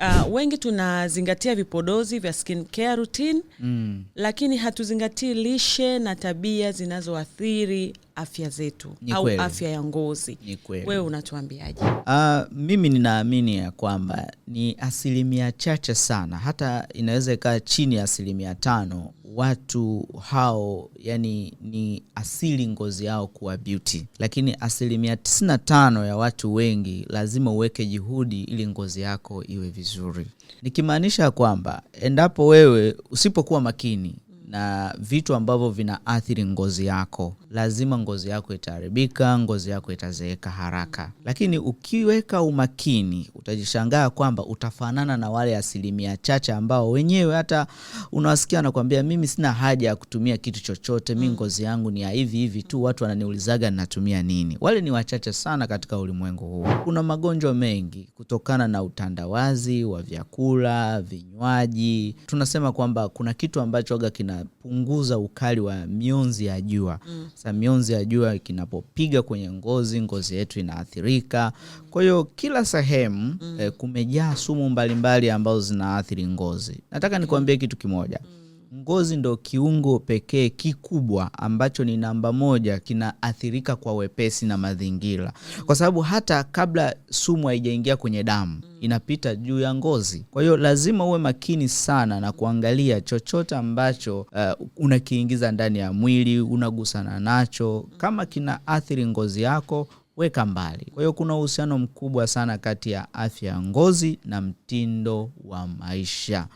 Uh, wengi tunazingatia vipodozi vya skin care routine mm. Lakini hatuzingatii lishe na tabia zinazoathiri afya zetu au afya ya ngozi. Wewe unatuambiaje? Uh, mimi ninaamini ya kwamba ni asilimia chache sana, hata inaweza ikaa chini ya asilimia tano watu hao yani ni asili ngozi yao kuwa beauty, lakini asilimia 95 tano ya watu wengi lazima uweke juhudi ili ngozi yako iwe vizuri, nikimaanisha kwamba endapo wewe usipokuwa makini na vitu ambavyo vinaathiri ngozi yako, lazima ngozi yako itaharibika, ngozi yako itazeeka haraka. Lakini ukiweka umakini, utajishangaa kwamba utafanana na wale asilimia chache ambao wenyewe hata unawasikia wanakuambia mimi sina haja ya kutumia kitu chochote, mi mm. ngozi yangu ni ya hivi hivi tu, watu wananiulizaga natumia nini. Wale ni wachache sana katika ulimwengu huu. Kuna magonjwa mengi kutokana na utandawazi wa vyakula, vinywaji. Tunasema kwamba kuna kitu ambacho aga kina inapunguza ukali wa mionzi ya jua mm. Sasa mionzi ya jua kinapopiga kwenye ngozi, ngozi yetu inaathirika. Kwa hiyo kila sehemu mm. eh, kumejaa sumu mbalimbali mbali ambazo zinaathiri ngozi. Nataka mm. nikwambie kitu kimoja mm. Ngozi ndo kiungo pekee kikubwa ambacho ni namba moja kinaathirika kwa wepesi na mazingira, kwa sababu hata kabla sumu haijaingia kwenye damu inapita juu ya ngozi. Kwa hiyo lazima uwe makini sana na kuangalia chochote ambacho uh, unakiingiza ndani ya mwili, unagusana nacho, kama kinaathiri ngozi yako weka mbali. Kwa hiyo kuna uhusiano mkubwa sana kati ya afya ya ngozi na mtindo wa maisha.